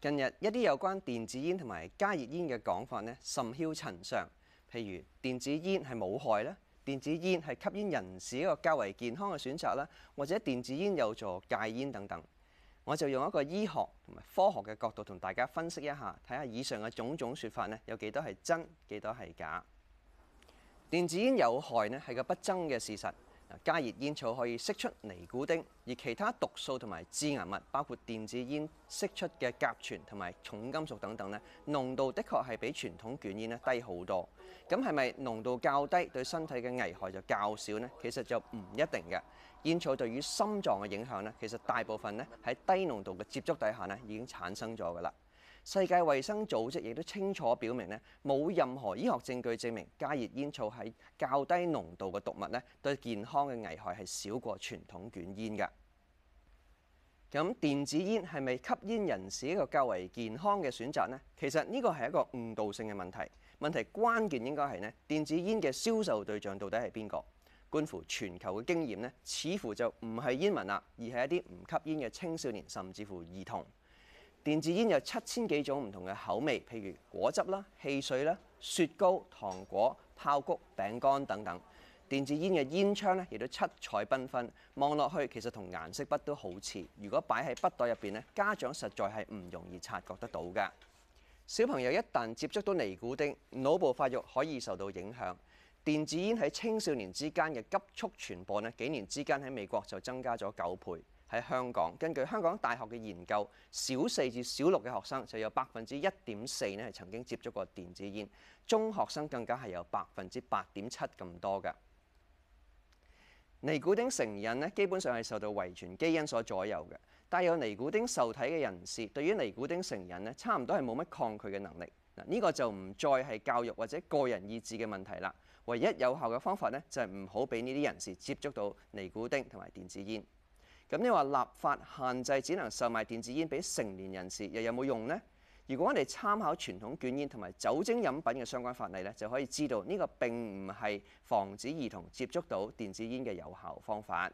近日一啲有關電子煙同埋加熱煙嘅講法咧，甚囂塵上。譬如電子煙係冇害咧，電子煙係吸煙人士一個較為健康嘅選擇啦，或者電子煙有助戒煙等等。我就用一個醫學同埋科學嘅角度同大家分析一下，睇下以上嘅種種說法咧，有幾多係真，幾多係假。電子煙有害咧，係個不爭嘅事實。加熱煙草可以釋出尼古丁，而其他毒素同埋致癌物，包括電子煙釋出嘅甲醛同埋重金屬等等呢，濃度的確係比傳統捲煙呢低好多。咁係咪濃度較低對身體嘅危害就較少呢？其實就唔一定嘅。煙草對於心臟嘅影響呢，其實大部分呢喺低濃度嘅接觸底下呢已經產生咗㗎啦。世界衛生組織亦都清楚表明咧，冇任何醫學證據證明加熱煙草喺較低濃度嘅毒物咧，對健康嘅危害係少過傳統捲煙嘅。咁電子煙係咪吸煙人士一個較為健康嘅選擇呢？其實呢個係一個誤導性嘅問題。問題關鍵應該係咧，電子煙嘅銷售對象到底係邊個？觀乎全球嘅經驗咧，似乎就唔係煙民啦，而係一啲唔吸煙嘅青少年，甚至乎兒童。電子煙有七千幾種唔同嘅口味，譬如果汁啦、汽水啦、雪糕、糖果、爆谷、餅乾等等。電子煙嘅煙槍咧，亦都七彩繽紛，望落去其實同顏色筆都好似。如果擺喺筆袋入面，家長實在係唔容易察覺得到㗎。小朋友一旦接觸到尼古丁，腦部發育可以受到影響。電子煙喺青少年之間嘅急速傳播咧，幾年之間喺美國就增加咗九倍。喺香港，根據香港大學嘅研究，小四至小六嘅學生就有百分之一點四咧，係曾經接觸過電子煙。中學生更加係有百分之八點七咁多嘅尼古丁成癮咧，基本上係受到遺傳基因所左右嘅。帶有尼古丁受體嘅人士對於尼古丁成癮咧，差唔多係冇乜抗拒嘅能力嗱。呢個就唔再係教育或者個人意志嘅問題啦。唯一有效嘅方法咧，就係唔好俾呢啲人士接觸到尼古丁同埋電子煙。咁你話立法限制只能售賣電子煙俾成年人士，又有冇用呢？如果我哋參考傳統捲煙同埋酒精飲品嘅相關法例咧，就可以知道呢個並唔係防止兒童接觸到電子煙嘅有效方法。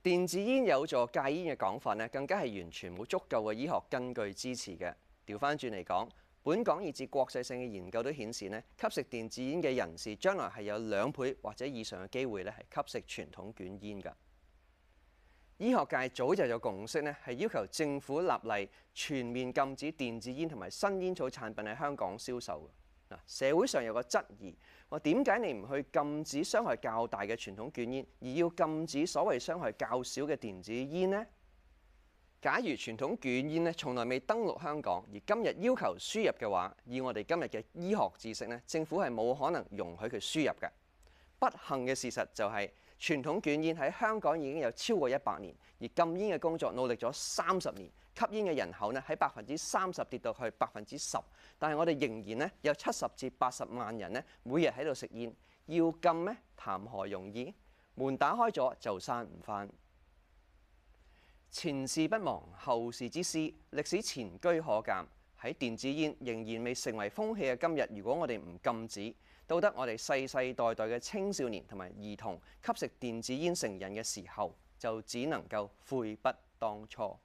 電子煙有助戒煙嘅講法咧，更加係完全冇足夠嘅醫學根據支持嘅。調翻轉嚟講，本港以至國際性嘅研究都顯示咧，吸食電子煙嘅人士將來係有兩倍或者以上嘅機會咧，係吸食傳統捲煙㗎。醫學界早就有共識咧，係要求政府立例全面禁止電子煙同埋新煙草產品喺香港銷售。社會上有個質疑，我點解你唔去禁止傷害較大嘅傳統捲煙，而要禁止所謂傷害較少嘅電子煙呢？」假如傳統捲煙咧從來未登陸香港，而今日要求輸入嘅話，以我哋今日嘅醫學知識，政府係冇可能容許佢輸入嘅。不幸嘅事實就係、是。傳統捲煙喺香港已經有超過一百年，而禁煙嘅工作努力咗三十年，吸煙嘅人口呢喺百分之三十跌到去百分之十，但係我哋仍然呢有七十至八十萬人呢每日喺度食煙，要禁咩？談何容易？門打開咗就閂唔返。前事不忘，後事之師，歷史前車可鑒。喺電子煙仍然未成為風氣嘅今日，如果我哋唔禁止，到得我哋世世代代嘅青少年同埋兒童吸食電子煙成癮嘅時候，就只能夠悔不當初。